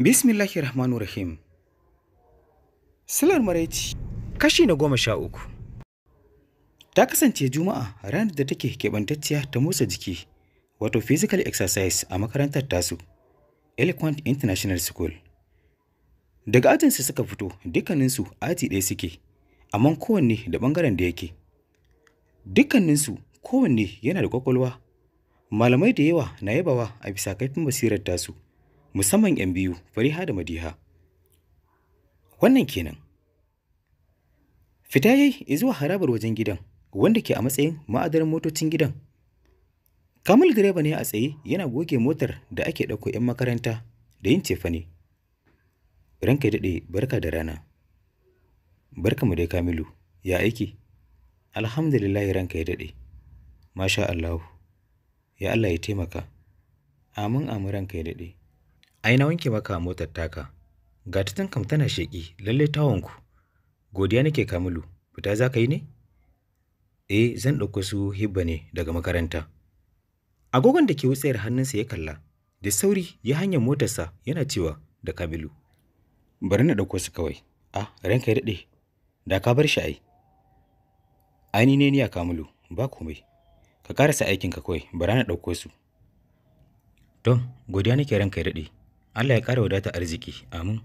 Bismillahi Rahmanu Rahim. Silar maraici kashi na goma sha uku. Ta kasance Juma'a ranar da take keɓantacciya ta motsa jiki, wato physical exercise a makarantar tasu, Eloquent International School. Daga ajinsu suka fito dukkaninsu aji ɗaya suke, amma kowanne da ɓangaren da yake. Dukkaninsu kowanne yana da kwakwalwa malamai da yawa na yabawa a bisa kaifin basirar tasu. musamman 'yan biyu fariha da madiha wannan kenan fita yayi zuwa harabar wajen gidan wanda ke a matsayin ma'adarin motocin gidan kamil direba ne a tsaye yana goge motar da ake ɗauko 'yan makaranta da yin cefane ranka ya daɗe barka da rana barka mu dai kamilu ya aiki alhamdulillahi ranka ya daɗe masha allahu ya allah ya taimaka amin amin ranka ya daɗe aina wanke maka motar taka ga ta kam tana sheƙi lalle tawonku godiya nake kamilu fita za ka yi ne eh zan ɗauko su hibba ne daga makaranta agogon da ke wutsayar hannunsa ya kalla da sauri ya hanyar motarsa yana cewa da kabilu. bari na ɗauko su kawai ah ranka ya da ka bar shi ai aini ne ni a kamilu ba komai ka karasa aikinka kawai Bari na ɗauko su don godiya nake ranka ya daɗe Allah ya ƙara wadata arziki, amin.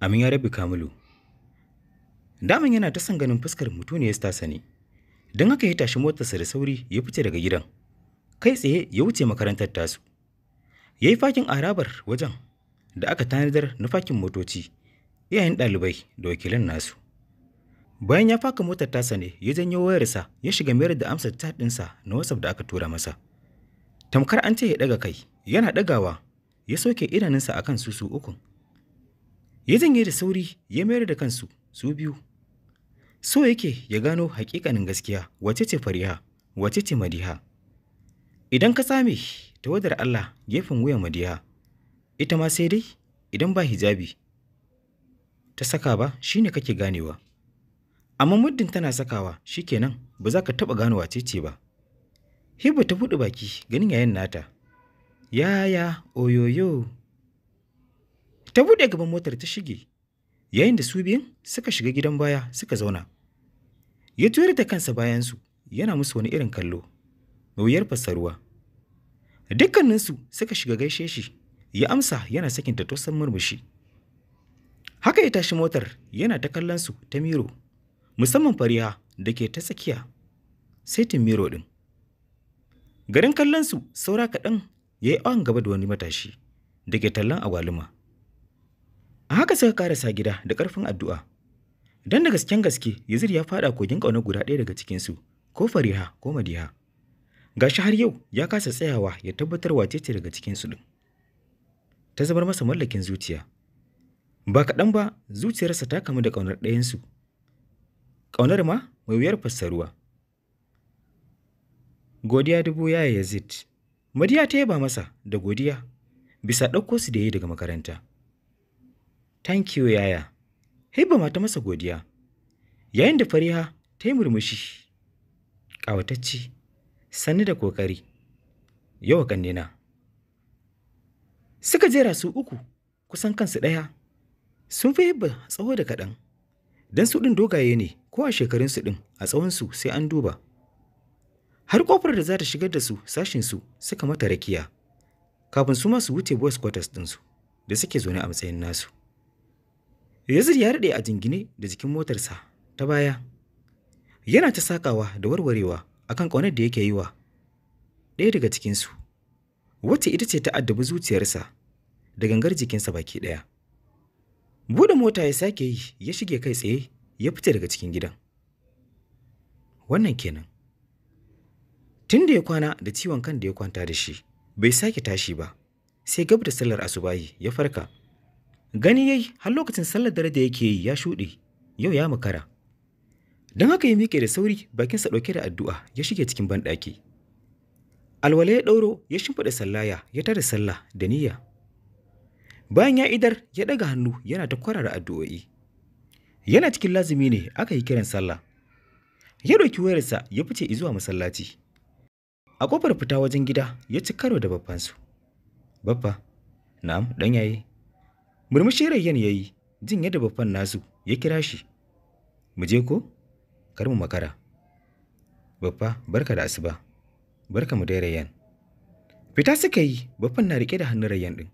Amin ya rabi Kamilu. Daman yana ta son ganin fuskar ne ya tasa ne, don haka ya tashi motarsa da sauri ya fice daga gidan. Kai tsaye ya wuce makarantar tasu. Ya yi fakin arabar wajen da aka tanadar na fakin motoci, iyayen ɗalibai da wakilan nasu. Bayan ya faka motar tasa ne, ya janyo wayarsa ya shiga mayar da amsar chat ɗinsa na WhatsApp da aka tura masa. Tamkar an ce ya ɗaga kai, yana ɗagawa ya soke idanunsa akan su su ukun ya janye da sauri ya mayar da kansu su biyu so yake ya gano hakikanin gaskiya wace ce fariha wace ce madiha idan ka tsame tawadar Allah gefen wuyan madiha ita ma sai dai idan ba hijabi ta saka ba shi ne kake ganewa amma muddin tana sakawa shi kenan ba za ka taɓa gano wace ce ba hibba ta buɗe baki ganin yayin nata yaya oyoyo ta buɗe gaban motar ta shige yayin da su biyun suka shiga gidan baya suka zauna ya tuyar da kansa bayansu yana musu wani irin kallo mai wuyar fassaruwa dukkaninsu suka shiga gaishe shi ya amsa yana sakin ta tosan murmushi haka ya tashi motar yana ta kallonsu ta miro musamman fariha da ke ta tsakiya saitin miro ɗin garin kallonsu saura kaɗan ya yi awon gaba da wani matashi da ke tallan agwaluma a haka suka karasa gida da ƙarfin addu'a don da gasken gaske yazid ya faɗa kogin ƙauna guda ɗaya daga cikinsu ko fariha ko madiha Ga shi har yau ya kasa tsayawa ya tabbatar wace ce daga cikinsu ɗin ta zamar masa mallakin zuciya ba kaɗan ba zuciyarsa ta kamu da ƙaunar ɗayansu ƙaunar ma mai wuyar fassaruwa godiya dubu yaya yazid Madiya ta yaba masa da godiya bisa ɗauko su da yi daga makaranta. Thank you yaya, haiba mata masa godiya, yayin da fariha ta yi murmushi, Ƙawatacci, sannu da ƙoƙari, yawa ƙannena. Suka jera su uku kusan kansu ɗaya, sun fi hibba tsawo da kaɗan, don su ɗin dogaye ne ko a shekarunsu ɗin a tsawonsu sai an duba. har kofar da za ta shigar da su sashinsu suka mata rakiya kafin su masu wuce boys quarters ɗinsu da suke zaune a matsayin nasu yazid ya daɗe a jingine da jikin motarsa ta baya yana ta sakawa da warwarewa akan ƙaunar da yake yi wa ɗaya daga cikinsu wacce ita ce ta addabi zuciyarsa da gangar jikinsa baki ɗaya buɗe mota ya sake yi ya shige kai tsaye ya fita daga cikin gidan wannan kenan Tun da ya kwana da ciwon kan da ya kwanta da shi, bai sake tashi ba, sai gab da sallar asubahi ya farka. Gani yayi har lokacin sallar dare da yake yi ya shuɗe, yau ya makara. Don haka ya miƙe da sauri bakinsa ɗauke da addu'a ya shige cikin banɗaki. Alwala ya ɗauro ya shimfiɗa sallaya ya tada sallah da niyya. Bayan ya idar ya ɗaga hannu yana ta kwarara addu'o'i. Yana cikin lazumi ne aka yi kiran sallah. Ya ɗauki wayarsa ya fice zuwa masallaci. a ƙofar fita wajen gida ya ci karo da babbansu babba na'am dan yayi. murmushi rayyan ya yi jin yadda babban nasu ya kira shi mu je ko kar mu makara babba barka da asuba barka mu dai rayyan fita suka yi babban na rike da hannun rayyan ɗin.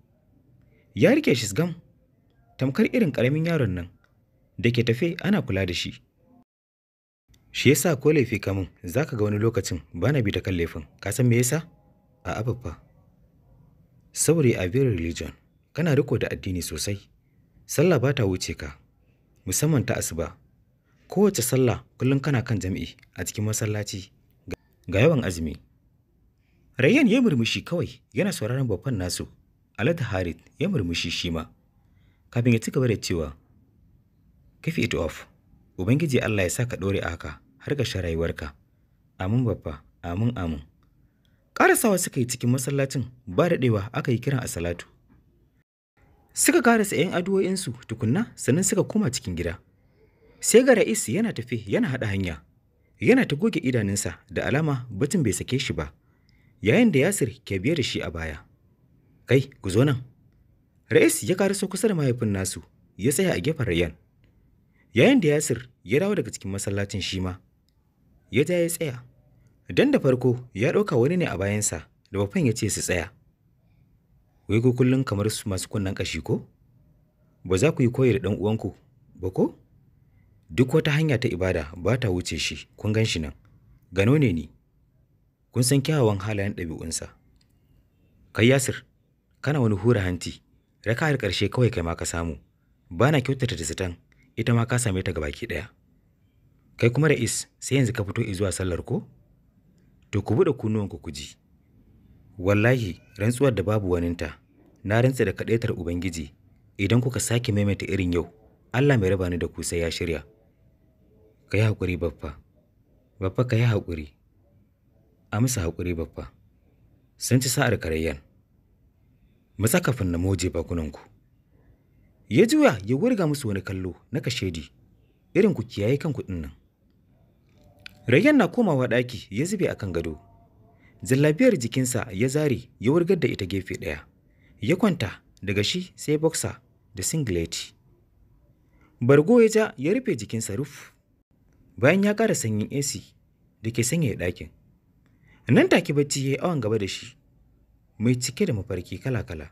ya rike shi gam tamkar irin karamin yaron nan da ke tafe ana kula da shi Shi yasa ko laifi ka min za ka ga wani lokacin ba na bi ta kan laifin, ka san me yasa? A abubuwa Saboda a very religion, kana riko da addini sosai. Sallah ba ta wuce ka, musamman ta asuba. Kowace sallah kullum kana kan jam'i a cikin masallaci ga yawan azumi. Rayyan ya murmushi kawai yana sauraron babban nasu. Alata harit ya murmushi shi ma. Kafin ya ci gaba da cewa, Kafi it off. Ubangiji Allah ya sa ka ɗore a haka har ka sha rayuwarka. Amin babba, amin amin. Ƙarasawa suka yi cikin masallacin ba daɗewa aka yi kiran a salatu. Suka ƙarasa 'yan addu'o'insu tukunna sannan suka koma cikin gida. Sai ga ra'is yana tafi yana haɗa hanya. Yana ta goge idanunsa da alama batun bai sake shi ba. Yayin da Yasir ke biye da shi a baya. Kai, ku zo nan. Ra'is ya ƙaraso kusa da mahaifin nasu ya tsaya a gefen Rayyan. yayin da yasir ya dawo daga cikin masallacin shi ma ya ja ya tsaya Dan da farko ya ɗauka wani ne a bayansa da bafan ya ce su tsaya wai ko kullum kamar su masu kunnen ƙashi ko ba za ku yi koyi da ɗan uwanku ba ko duk wata hanya ta ibada ba ta wuce shi kun gan shi nan gano ne ni kun san kyawawan halayen ɗabi'unsa kai yasir kana wani hura hanti raka'ar ƙarshe kawai kai ma ka samu ba na kyautata da zatan ita ma ka same ta gabaki ɗaya kai kuma ra'is sai yanzu ka fito zuwa sallar ko to ku buɗe kunnuwanku ku ji wallahi rantsuwar da babu waninta na rantsa da kaɗaitar ubangiji idan kuka sake maimaita irin yau allah mai raba ni da ku sai ya shirya ka yi haƙuri baffa baffa ka yi hakuri. a haƙuri baffa sun ci sa'ar karayyan kafin na moje bakunanku ya juya ya wurga musu wani kallo na kashedi irin ku kiyaye kanku kuɗin nan rayyan na komawa ɗaki ya zube a kan gado zallabiyar jikinsa ya zare ya wurgar da ita gefe ɗaya ya kwanta daga shi sai boxer da singleti bargo ya ja ya rufe jikinsa ruf bayan ya ƙara sanyin ac da ke sanyaya ɗakin nan take bacci ya yi awon gaba da shi mai cike da mafarki kala-kala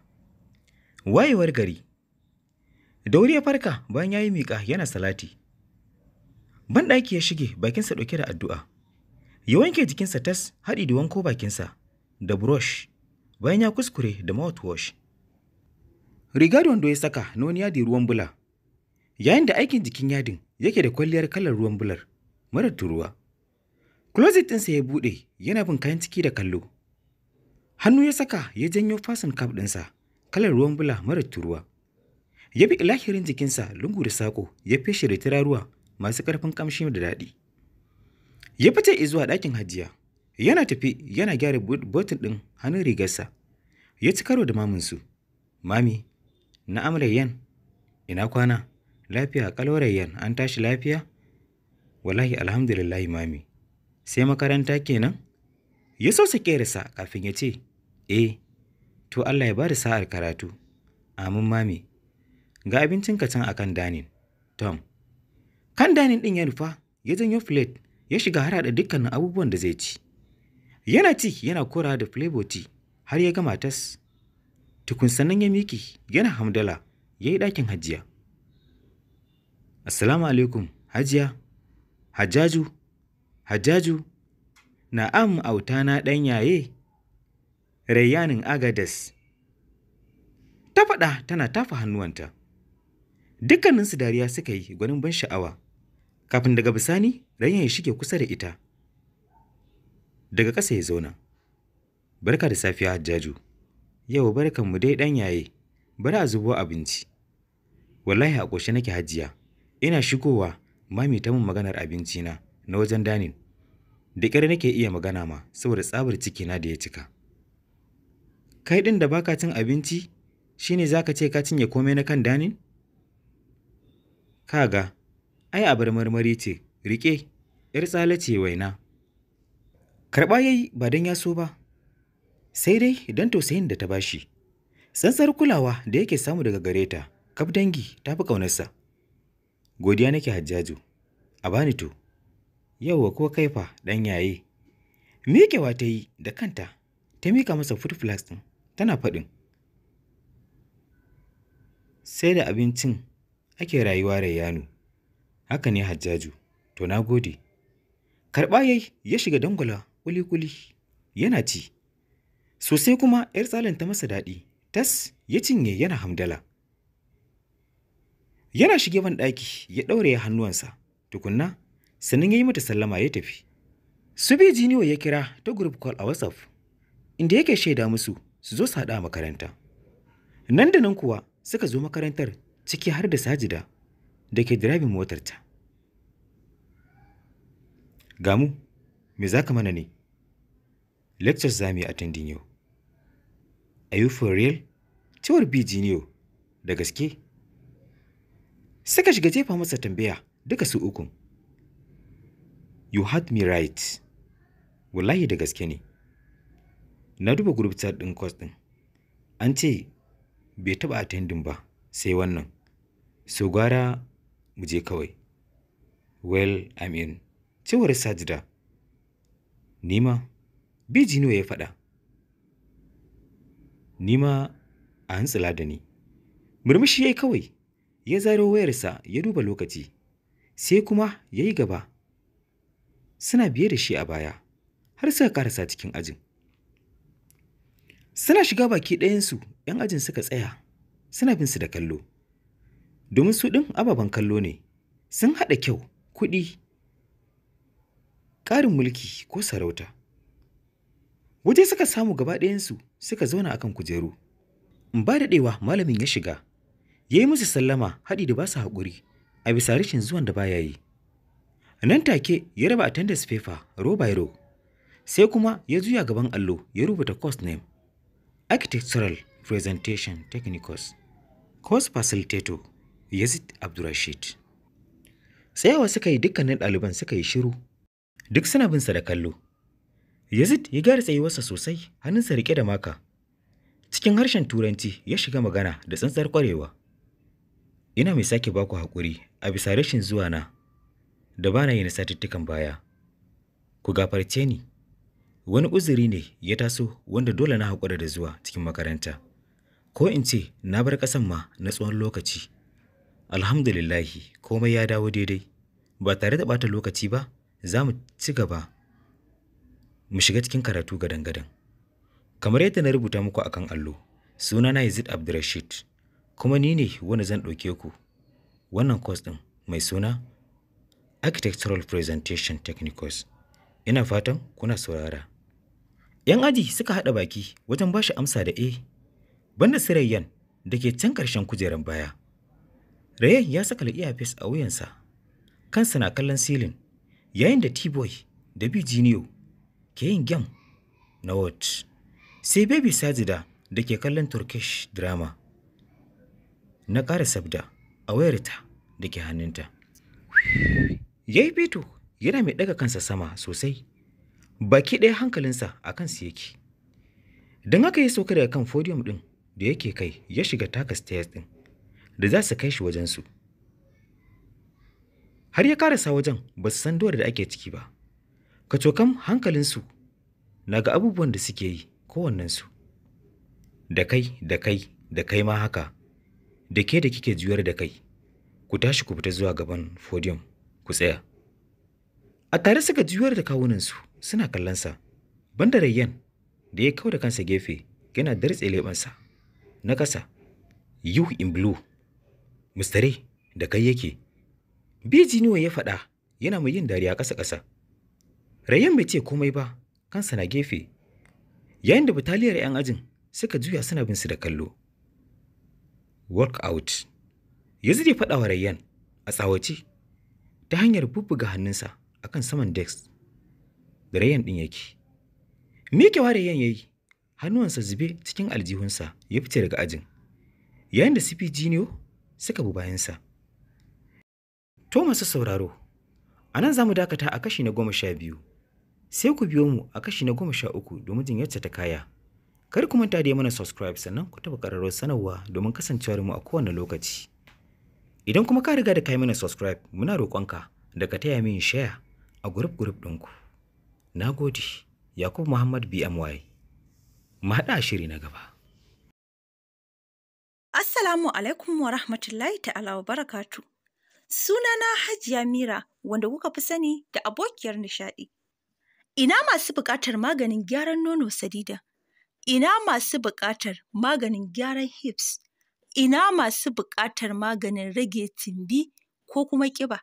wayewar gari Da wuri ya farka bayan ya yi miƙa yana salati. Banɗaki ya shige bakinsa ɗauke da addu'a. Ya wanke jikinsa tas haɗi da wanko bakinsa da brush bayan ya kuskure da mouthwash. Riga da wando ya saka na wani yadi ruwan bula. Yayin da aikin jikin yadin yake da kwalliyar kalar ruwan bular marar turuwa. Closet ɗinsa ya buɗe yana bin kayan ciki da kallo. Hannu ya saka ya janyo fasin kaf ɗinsa kalar ruwan bula marar turuwa. ya bi ilahirin jikinsa lungu da saƙo ya feshe da turaruwa masu ƙarfin ƙamshi da daɗi ya fita zuwa ɗakin hajiya yana tafi yana gyara botin ɗin hannun rigarsa ya ci karo da maminsu mami na amrayyan ina kwana lafiya kalwarayyan an tashi lafiya wallahi alhamdulillah, mami sai makaranta kenan ya so sa kafin ya ce eh to allah ya ba da sa'ar karatu amin mami ga abincin can a kan danin. Tom. Kan danin ɗin ya nufa, ya janyo filet ya shiga har da dukkanin abubuwan da zai ci. Yana ci yana kora da filebo har ya gama tas. Tukun sannan ya miki yana hamdala ya yi ɗakin hajiya. Assalamu alaikum, hajiya, hajjaju, hajjaju, na'am na ɗan yaye, rayyanin agadas. Ta faɗa tana tafa hannuwanta. Dukkaninsu dariya suka yi gwanin ban sha'awa, kafin daga bisani ranya ya shige kusa da ita. Daga ƙasa ya zauna. Barka da safiya Hajjaju. Yau mu dai ɗan yaye, bari a zubo abinci. Wallahi a ƙoshe nake hajiya, ina shigowa mami ta min maganar abinci na na wajen danin. Da ƙyar nake iya magana ma saboda tsabar cikina da ya cika. Kai ɗin da baka cin abinci shi shine zaka ce ka cinye komai na kan danin? Ka ga, ai abar marmari ce, riƙe, 'yar tsala ce waina. Karɓa ya yi ba don ya so ba, sai dai don tausayin da ta bashi. Sansar kulawa da yake samu daga gare ta, kaf dangi ta fi ƙaunarsa. Godiya nake hajjaju, a bani to, Yau wa ko kaifa ɗan yaye. Miƙewa ta yi da kanta, ta mika masa food flask ɗin, tana faɗin. Sai da abincin ake rayuwa yano, Haka ne Hajjaju, to na gode. Karɓa yayi ya shiga dangwala kuli-kuli yana ci. Sosai kuma ‘yar tsalin ta masa daɗi, tas ya cinye yana hamdala. Yana shige ban ɗaki ya ɗaure hannuwansa, tukunna, sannan ya yi mata sallama ya tafi. Su Subi Jiniwa ya kira ta group call a WhatsApp, inda yake shaida musu su zo su haɗa makaranta. Nan da nan kuwa suka zo makarantar ciki har da sajida da ke dirabin motarta. Gamu, me za ka mana ne? Lectures za mu yi attending yau. Are you for real? Cewar yau. da gaske. Suka shiga jefa masa tambaya duka su ukun. You had me right. Wallahi da gaske ne. Na duba group ɗin course ɗin. An ce bai taɓa attending ba sai wannan. so gwara mu je kawai well i mean cewar sajida nima bijino ya faɗa nima a hantsila da ni murmushi ya yi kawai ya zaro wayarsa ya duba lokaci sai kuma ya yi gaba suna biye da shi a baya har suka karasa cikin ajin suna shiga baki ɗayansu 'yan ajin suka tsaya suna bin su da kallo domin su ɗin ababen kallo ne sun haɗa kyau kuɗi ƙarin mulki ko sarauta waje suka samu gaba ɗayansu suka zauna akan kujeru in ba da ɗewa malamin ya shiga ya yi musu sallama haɗi da ba su haƙuri a bisa rashin zuwan da baya yi nan take ya raba attendance paper row by row sai kuma ya zuya gaban allo ya rubuta course name architectural presentation technicals course facilitator Yazid Abdurrashid. Tsayawa suka yi dukkanin ɗaliban suka yi shiru, duk suna binsa da kallo. Yazid ya gyara tsayuwarsa sosai, hannunsa riƙe da maka. Cikin harshen Turanci ya shiga magana da tsantsar ƙwarewa. Ina mai sake baku haƙuri a bisa rashin zuwa na da bana yi na baya. Ku gafarce ni. Wani uzuri ne ya taso wanda dole na haƙura da zuwa cikin makaranta. Ko in ce na bar ƙasan ma na tsawon lokaci. Alhamdulillahi komai ya dawo daidai. Ba tare da bata lokaci ba, za mu ci gaba mu shiga cikin karatu gadan-gadan. Kamar yadda na rubuta muku akan allo, suna sunana Yazid rashid. kuma ni ne wani zan ɗauke ku. Wannan kwas ɗin mai suna Architectural Presentation Technicals. Ina fatan kuna saurara. ‘Yan aji suka haɗa baki wajen ba shi amsa da E, banda Sirayyan da ke can ƙarshen kujerar baya. rayan ya saka earpiece a wuyansa, kansa na kallon silin, yayin da T-Boy da Bijiniyo ke yin gem na Wot. Sai Baby Sajida da ke kallon Turkish drama. Na ƙara sabda a wayarta da ke hannunta. Ya yi fito yana mai ɗaga kansa sama sosai, baki ɗaya hankalinsa a kansu yake. Don haka ya sauka daga kan fodiyom ɗin da yake kai ya shiga takas stairs ɗin. da za su kai shi wajensu har ya karasa wajen ba su san dole da ake ciki ba hankalin hankalinsu na ga abubuwan da suke yi kowannensu da kai da kai da kai ma haka da ke da kike juyar da kai ku tashi ku fita zuwa gaban fodium ku tsaya a tare suka juyar da kawunansu suna kallonsa banda rayyan da ya kawo da kansa gefe yana dartse leɓensa na ƙasa you in blue mustare da kai yake niwa ya faɗa yana mai yin dariya ƙasa-ƙasa rayyan bai ce komai ba kansa na gefe yayin da bataliyar 'yan ajin suka juya suna bin su da kallo out. yanzu ya faɗa wa rayyan a tsawace ta hanyar bubbuga hannunsa akan saman dex. da rayyan ɗin yake miƙewa rayyan ya yi hannuwansa zube cikin aljihunsa ya fice daga ajin yayin da cp suka bi bayansa. To masu sauraro, a nan za mu dakata a kashi na goma sha biyu, sai ku biyo mu a kashi na goma sha uku domin jin yadda ta kaya. Kar ku manta da mana subscribe sannan ku taɓa ƙararrawar sanarwa domin kasancewar mu a kowane lokaci. Idan kuma ka riga da kai mana subscribe muna roƙonka da ka taya min share a gurup gurup ɗinku. Na gode, Yakubu Muhammad BMY. Mu haɗa shiri na gaba. Assalamu alaikum wa rahmatullahi ta'ala wa barakatu. Sunana Hajiya Mira wanda kuka fi sani da abokiyar nishaɗi. Ina masu buƙatar maganin gyaran nono sadida. Ina masu buƙatar maganin gyaran hips. Ina masu buƙatar maganin rage tumbi ko kuma ƙiba.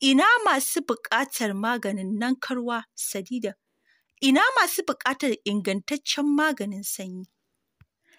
Ina masu buƙatar maganin nankarwa sadida. Ina masu buƙatar ingantaccen maganin sanyi.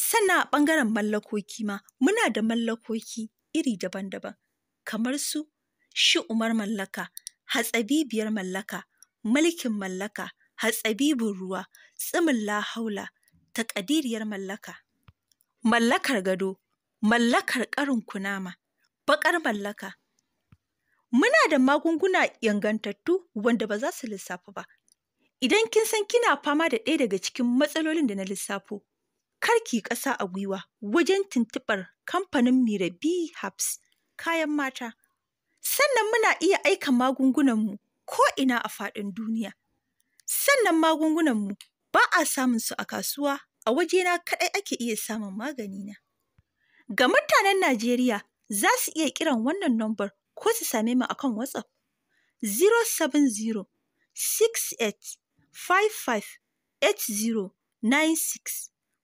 sannan a ɓangaren mallakoki ma muna da mallakoki iri daban-daban kamar su shi umar mallaka hatsabibiyar mallaka mulkin mallaka hatsabibin ruwa tsimin lahaula taƙadiriyar mallaka mallakar gado mallakar ƙarin kunama baƙar mallaka muna da magunguna ingantattu wanda ba za su lissafu ba idan kin san kina fama da ɗaya daga cikin matsalolin da na lissafo kar ki ƙasa a gwiwa wajen tuntuɓar kamfanin Mirabi B Habs kayan mata. Sannan muna iya aika magungunanmu ko ina a faɗin duniya. Sannan magungunanmu ba a samun su a kasuwa, a wajena kaɗai ake iya samun maganina. Ga mutanen Najeriya za su iya kiran wannan nombar ko su same mu akan WhatsApp 070 68 55 8096.